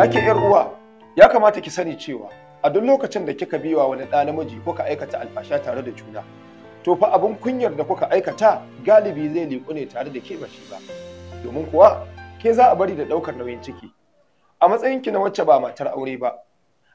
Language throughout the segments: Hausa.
Ya ke ‘yar uwa, ya kamata ki sani cewa a duk lokacin da kika biwa wani ɗa namiji ko ka aikata alfasha tare da juna, to fa abin kunyar da kuka aikata galibi zai liƙu ne tare da ke ba shi ba. Domin kuwa, ke za a bari da ɗaukar nauyin ciki. A matsayin ki na wacce ba matar aure ba,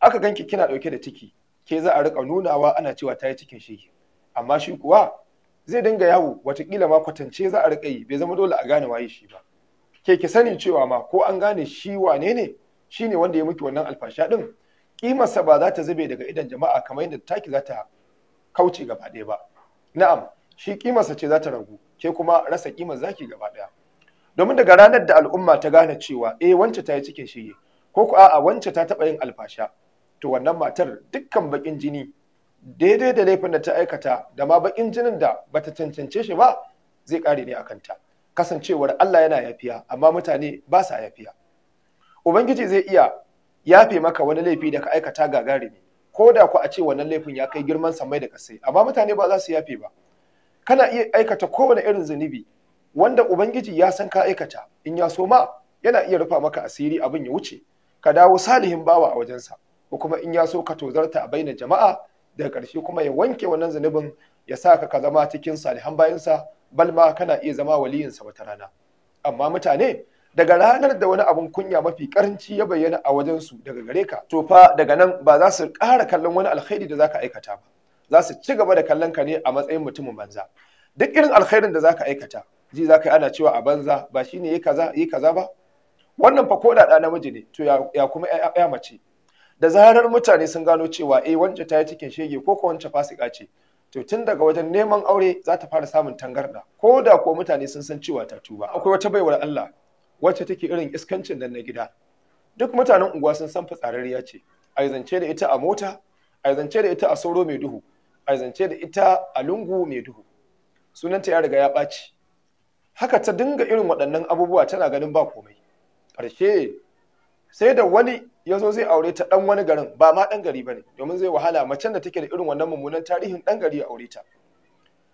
aka ganki kina ɗauke da ciki, ke za a riƙa nunawa ana cewa ta yi cikin shi. Amma shi kuwa zai dinga yawo watakila ma kwatance za a riƙa yi bai zama dole a gane waye shi ba. Ke ki sani cewa ma ko an gane shi wane ne Shi ne wanda ya miki wannan alfasha din kimarsa ba za ta zube daga idan jama'a kamar yadda taki za ta kauce gaba ɗaya ba na'am shi kimarsa ce za ta ragu ke kuma rasa kimar zaki gaba ɗaya domin daga ranar da al'umma ta gane cewa eh wance ta yi cikin shige ko ku a'a wance ta taɓa yin alfasha to wannan matar dukkan bakin jini daidai da laifin da ta aikata da ma bakin jinin da ba ta cancance shi ba zai kare ne a kanta kasancewar Allah yana yafiya amma mutane ba sa yafiya ubangiji zai iya yafe maka wani laifi da ka aikata gagarumi ko da ku a ce wannan laifin ya kai girman samai da kasai amma mutane ba za su yafe ba kana iya aikata kowane irin zunubi wanda ubangiji ya san ka aikata in ya so ma yana iya rufa maka asiri abin ya wuce ka dawo salihin bawa a wajensa ko kuma in ya so ka tozarta a bainar jama'a daga ƙarshe kuma ya wanke wannan zunubin ya sa ka zama cikin salihan bayansa balma kana iya zama waliyinsa wata rana amma mutane daga ranar da wani abun kunya mafi karanci ya bayyana a wajensu daga gare ka to fa daga nan ba za su ƙara kallon wani alkhairi da zaka aikata ba za su ci gaba da kallon ka ne a matsayin mutumin banza duk irin alkhairin da zaka aikata ji zaka yi ana cewa a banza ba shine yi kaza yi kaza ba wannan fa ko da namiji ne to ya kuma ya mace da zarar mutane sun gano cewa eh wance ta yi cikin shege ko ko wance fasika ce to tun daga wajen neman aure za ta fara samun tangarda ko da ko mutane sun san cewa ta tuba akwai wata baiwar Allah wacce take irin iskancin nan na gida duk mutanen unguwa sun san fitsararriya ce a zance da ita a mota a zance da ita a sauro mai duhu a zance da ita a lungu mai duhu sunanta ya riga ya ɓaci haka ta dinga irin waɗannan abubuwa tana ganin ba komai ƙarshe sai da wani ya zo zai aure ta ɗan wani garin ba ma ɗan gari ba ne domin zai wahala macen da take da irin wannan mummunan tarihin ɗan gari ya aure ta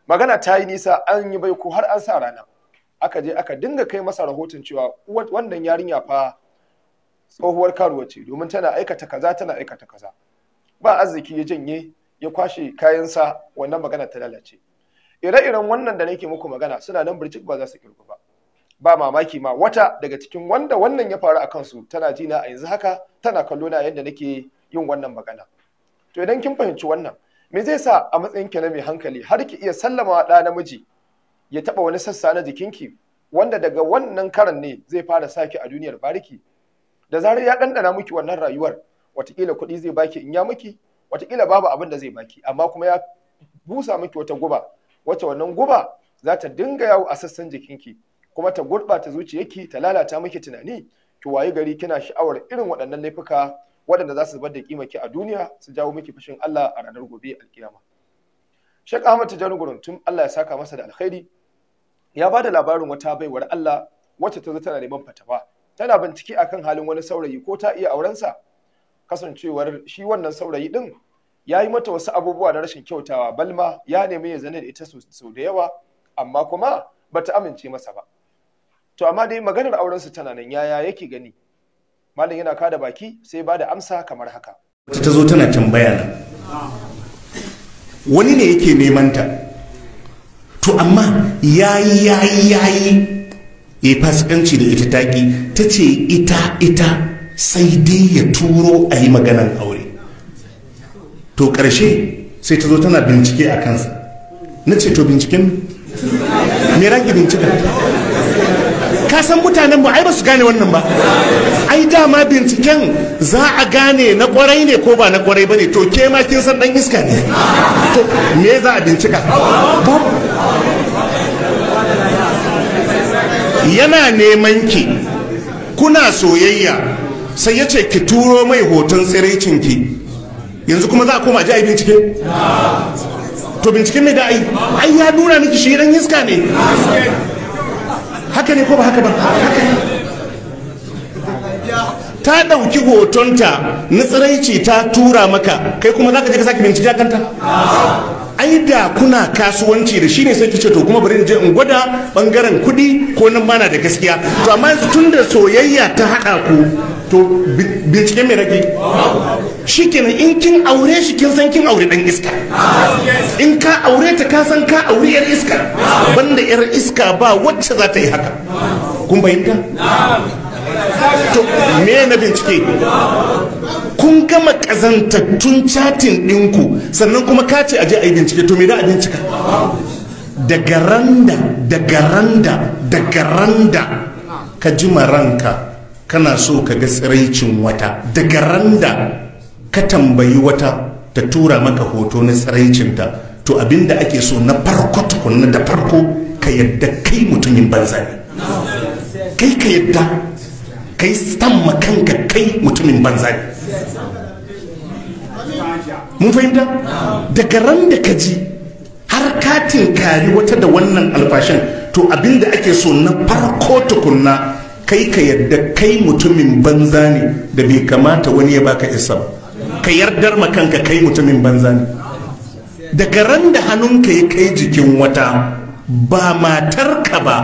magana ta yi nisa an yi baiko har an sa rana aka je aka dinga kai masa rahoton cewa wannan yarinya fa tsohuwar karuwa ce domin tana aikata kaza tana aikata kaza ba arziki ya janye ya kwashe kayansa wannan magana ta lalace ire-iren wannan da nake muku magana suna nan birci ba za su kirgu ba ba mamaki ma wata daga cikin wanda wannan ya faru a kansu tana jina a yanzu haka tana kallo na yadda nake yin wannan magana to idan kin fahimci wannan me zai sa a matsayin ki na mai hankali har ki iya sallama wa ɗa namiji ya taɓa wani sassa na jikinki wanda daga wannan karan ne zai fara sake a duniyar bariki da zarar ya ɗanɗana miki wannan rayuwar watakila kuɗi zai baki in ya miki watakila babu abin da zai baki amma kuma ya busa miki wata guba wata wannan guba za ta dinga yawo a sassan jikinki kuma ta gurɓata zuciyarki ta lalata miki tunani ki wayi gari kina sha'awar irin waɗannan laifuka waɗanda za su zubar da kimaki a duniya su jawo miki fushin Allah a ranar gobe alkiyama Sheikh Ahmad Tijani tun Allah ya saka masa da alkhairi ya bada labarin wata baiwar Allah wacce ta zo tana neman fatawa tana bincike akan halin wani saurayi ko ta iya aurensa kasancewar shi wannan saurayi din ya yi mata wasu abubuwa na rashin kyautawa balma ya nemi ya zane da ita sau da yawa amma kuma bata amince masa ba to amma dai maganar aurensu tana nan yaya yake gani malam yana kada baki sai ba da amsa kamar haka ta zo tana tambaya na wani ne yake neman ta to amma yayi yayi yayi ya fasikanci da ita taƙi ta ce ita ita sai dai ya turo a yi maganan aure to ƙarshe sai ta zo tana bincike a kansa na ce to binciken me rage bincika ka san mutanen mu ai ba su gane wannan ba ai dama binciken za a gane na kwarai ne ko ba na kwarai ba ne to ke ma kin san dan iska ne to me za a bincika yana neman ki kuna soyayya sai yace ki turo mai hoton tsiraicin ki yanzu kuma za a koma ji a bincike to binciken mai da ai ai ya nuna miki shi dan iska ne haka ne ko ba haka ba haka ta ɗauki hotonta na ta tura maka kai kuma za ka je ka sake bincike kanta ai da kuna kasuwanci da shine sai kice to kuma bari je in gwada bangaren kuɗi ko nan bana da gaskiya to amma tun da soyayya ta haɗa ku to binciken mai rage shi kenan in kin aure shi kin san kin aure dan iska in ka aure ta ka san ka aure yar iska banda yar iska ba wacce za ta yi haka kun bayyanta to me na bincike kun gama kazantattun chatin dinku sannan kuma ka ce aje a yi bincike to me da a bincika daga randa daga randa daga randa ka jima ranka kana so ka ga tsiraicin wata daga randa ka tambayi wata ta tura maka hoto na tsiraicinta to abinda ake so na farko tukunna da farko ka yadda kai mutumin banza ne kai ka yadda kai stamma kanka kai mutumin banza ne mun fahimta daga ran da ka ji har katin kari wata da wannan alfashin to abinda ake so na farko tukunna kai ka yarda kai mutumin banza ne da bai kamata wani ya baka isa ba ka yardar ma kanka kai mutumin banza ne daga ran da hannunka ya kai jikin wata ba matarka ba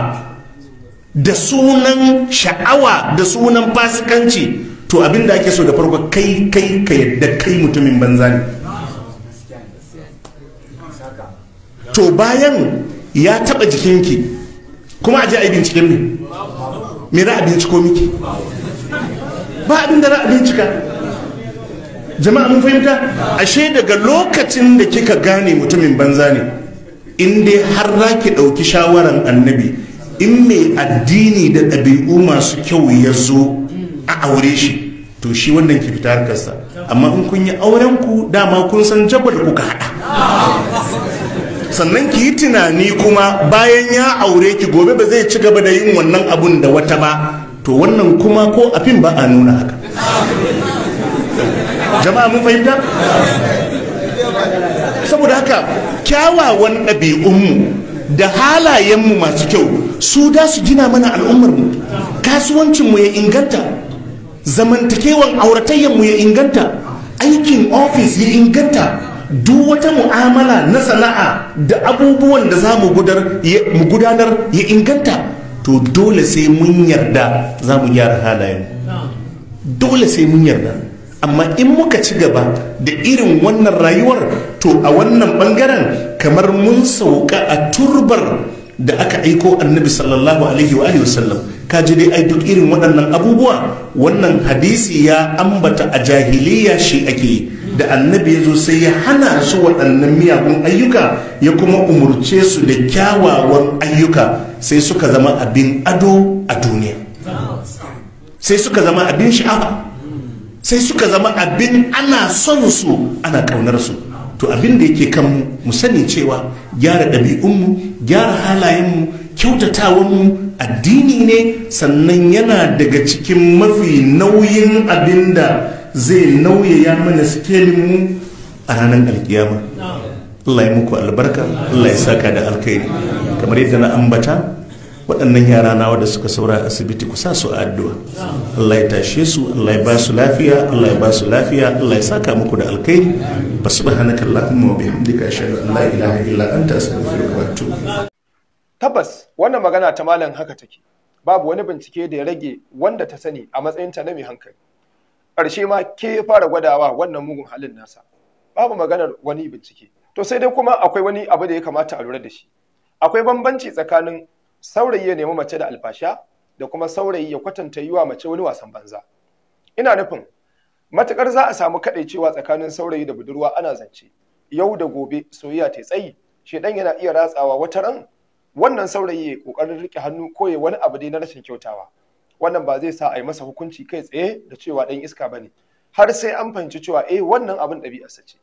da sunan sha'awa da sunan fasikanci to abin da ake so da farko kai kai ka yadda kai mutumin banza ne to bayan ya taba jikinki kuma a je a yi ne me za a binciko miki ba abin da za a jama'a mun fahimta ashe daga lokacin da kika gane mutumin banza ne in dai har za ki ɗauki shawaran annabi in mai addini da ɗabi'u masu kyau ya zo a aure shi to shi wannan ki fita harkarsa amma in kun yi auren ku dama kun san jabar kuka haɗa sannan ki yi tunani kuma bayan ya aure ki gobe ba zai ci gaba da yin wannan abun da wata ba to wannan kuma ko a fim ba a nuna haka jama'a mun fahimta saboda haka kyawawan ɗabi'unmu da halayenmu masu kyau su da su gina mana al'ummarmu kasuwancinmu ya inganta zamantakewan auratayyanmu ya inganta aikin ofis ya inganta duk wata mu'amala na sana'a da abubuwan da za mu gudanar ya inganta to dole sai mun yarda za mu gyara halayen dole sai mun yarda amma in muka ci gaba da irin wannan rayuwar to a wannan bangaren kamar mun sauka a turbar da aka aiko annabi sallallahu alaihi wa alihi wasallam ka ji dai ai duk irin waɗannan abubuwa wannan hadisi ya ambata a jahiliya shi ake yi da annabi ya zo sai ya hana su waɗannan miyagun ayyuka ya kuma umarce su da kyawawan ayyuka sai suka zama abin ado a duniya sai suka zama abin sha'awa sai suka zama abin ana son su ana ƙaunar su to abin da yake kan mu sani cewa gyara ɗabi'unmu gyara halayenmu mu addini ne sannan yana daga cikin mafi nauyin abin da zai nauyaya mana sikelin mu a ranar alkiyama Allah ya muku albarka Allah ya saka da alkhairi kamar yadda na ambata waɗannan yara nawa da suka saura asibiti kusa su a addu'a Allah ya tashe su Allah ya ba su lafiya Allah ya ba su lafiya Allah ya saka muku da alkhairi ba su ba subhanaka allahumma wa bihamdika ashhadu Allah ila ilaha illa anta astaghfiruka wa atubu tabbas wannan magana ta malam haka take babu wani bincike da ya rage wanda ta sani a matsayinta na mai hankali ƙarshe ma ke fara gwadawa wannan mugun halin nasa babu maganar wani bincike to sai dai kuma akwai wani abu da ya kamata a lura da shi akwai bambanci tsakanin saurayi ya nemi mace da alfasha da kuma saurayi ya kwatanta yi wa mace wani wasan banza ina nufin matukar za a samu kaɗaicewa tsakanin saurayi da budurwa ana zance yau da gobe soyayya ta tsayi shedan yana iya ratsawa wata ran wannan saurayi ya kokarin rike hannu ko ya wani abu dai na rashin kyautawa wannan ba zai sa a yi masa hukunci kai tsaye da cewa ɗan iska ba ne har sai an fahimci cewa eh wannan abin ɗabi'arsa ce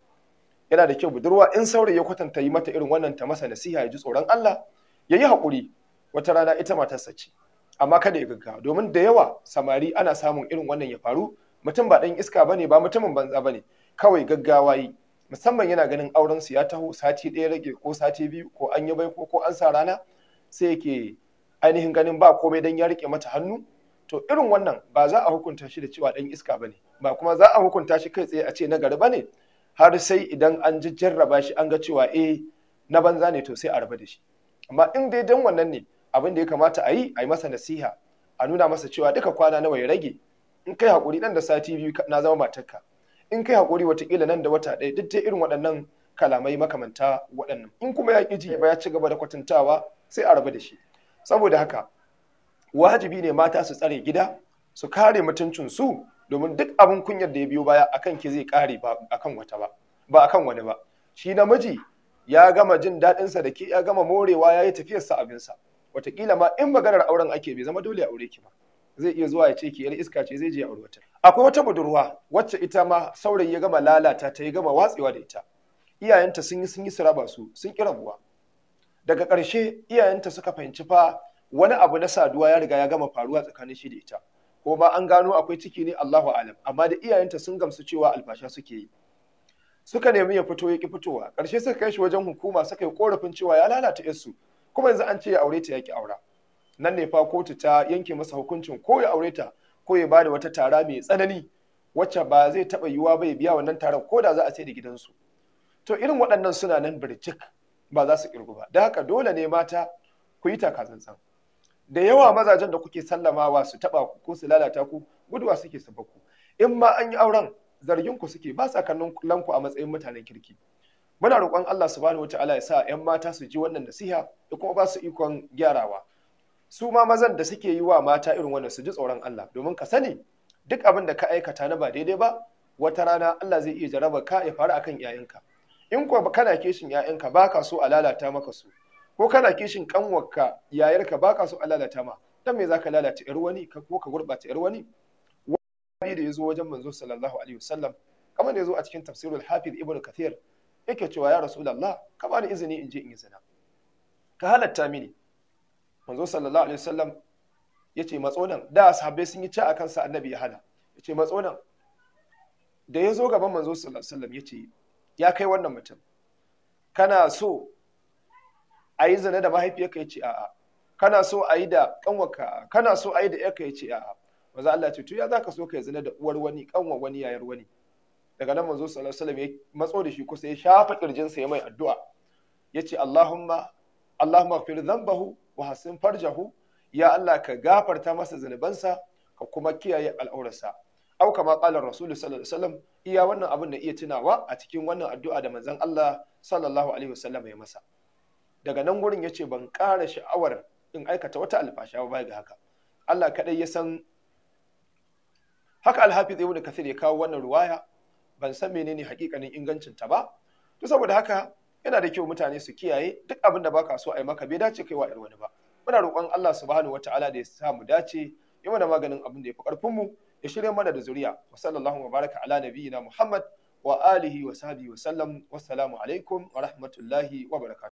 yana da kyau budurwa in saurayi ya kwatanta yi mata irin wannan ta masa nasiha ya ji tsoron Allah ya yi haƙuri wata rana ita matarsa ce amma kada ya gaggawa domin da yawa samari ana samun irin wannan ya faru mutum ba ɗan iska ba ne, ba mutumin banza ba ne. kawai gaggawa yi musamman yana ganin auren su ya taho sati ɗaya rage ko sati biyu ko an yi baiko ko an sa rana sai yake ainihin ganin ba komai don ya rike mata hannu to irin wannan ba za a hukunta shi da cewa dan iska ba bane ba kuma za a hukunta shi kai tsaye a ce na gari bane har sai idan an jarraba shi an ga cewa eh na banza ne to sai a rabu da shi amma in dai dan wannan ne abin da ya kamata a yi a yi masa nasiha a nuna masa cewa duka kwana nawa ya rage in kai hakuri dan da sati biyu na zama matarka in kai hakuri watakila nan da wata ɗaya duk dai irin waɗannan kalamai makamanta waɗannan in kuma ya ƙi ji ba ya ci gaba da kwatantawa sai a rabu da shi saboda haka wajibi ne mata su tsare gida su kare mutuncinsu domin duk abin kunyar da ya biyo baya akan ki zai kare ba akan wata wani ba shi namiji ya gama jin daɗinsa da ke ya gama morewa ya yi tafiyarsa abinsa watakila ma in maganar auren ake bai zama dole a aure ki ba zai iya zuwa ya ce ki yar iska ce zai je aure wata akwai wata budurwa wacce ita ma saurayi ya gama lalata ta yi gama watsewa da ita iyayenta sun yi sun yi su sun ki rabuwa daga ƙarshe iyayenta suka fahimci fa wani abu na saduwa ya riga ya gama faruwa tsakanin shi da ita ko ma an gano akwai ciki ne Allahu alam amma da iyayenta sun gamsu cewa albasha suke yi suka nemi ya fito ya ki fitowa karshe suka kai shi wajen hukuma suka yi korafin cewa ya lalata yarsu kuma yanzu an ce ya aure ta ya ki aura nan ne fa kotu ta yanke masa hukuncin ko ya aure ta ko ya bada wata tara mai tsanani wacce ba zai taba yiwuwa ba ya biya wannan taron ko da za a sai da gidansu to irin waɗannan suna nan birjik ba za su kirgu ba da haka dole ne mata ku yi takazantsan da yawa mazajen da kuke sallamawa su taba ku ko su lalata ku guduwa suke su ku in ma an yi auren zargin ku suke ba sa kallon ku a matsayin mutanen kirki muna roƙon Allah subhanahu wataala ya sa ƴan mata su ji wannan nasiha da kuma ba su ikon gyarawa su ma mazan da suke yi wa mata irin wannan su ji tsoron Allah domin ka sani duk abin da ka aikata na ba daidai ba wata rana Allah zai iya jaraba ka ya faru akan 'ya'yanka in kuwa kana kishin 'ya'yanka ba ka so a lalata maka su ko kana kishin kanwarka yayarka ba ka so a lalata ma ta me za ka lalata yar wani ko ka gurɓata yar wani wani da ya zo wajen manzo sallallahu alaihi wasallam kamar da ya zo a cikin tafsirul hafiz ibnu kathir yake cewa ya rasulullah ka bani izini in je in yi zina ka halatta mini manzo sallallahu alaihi wasallam yace matsonan da sahabbai sun yi ci a kansa annabi ya hana yace matsonan. Da ya zo gaban manzo sallallahu alaihi wasallam yace ya kai wannan mutum kana so a yi zane da mahaifiyarka ya ce a'a kana so a yi da kanwarka kana so a yi da yarka ya ce a'a maza Allah ce to ya zaka so kai zane da uwar wani kanwa wani yayar wani daga nan manzo sallallahu alaihi wasallam ya matso da shi kusa ya shafa kirjin sa ya mai addu'a yace Allahumma Allahumma ighfir dhanbahu wa hasin farjahu ya Allah ka gafarta masa zanubansa ka kuma kiyaye al'aurarsa au kama qala rasulullahi sallallahu alaihi wasallam iya wannan abin da iya tunawa a cikin wannan addu'a da manzon Allah sallallahu alaihi wasallam ya masa daga nan gurin ce ban ƙara sha'awar in aikata wata alfasha ba ga haka Allah kaɗai ya san haka Alhafi zai ibnu kasir ya kawo wannan ruwaya ban san menene hakikanin ingancin ta ba to saboda haka yana da kyau mutane su kiyaye duk abin da baka so a yi maka bai dace kai wa ɗan wani ba muna roƙon Allah subhanahu wataala da ya sa mu dace ya mana maganin abin da ya fi ƙarfin mu ya shirya mana da zuriya wa sallallahu wa baraka ala nabiyyina muhammad wa alihi wa sahbihi wa sallam wassalamu alaikum wa rahmatullahi wa barakatuh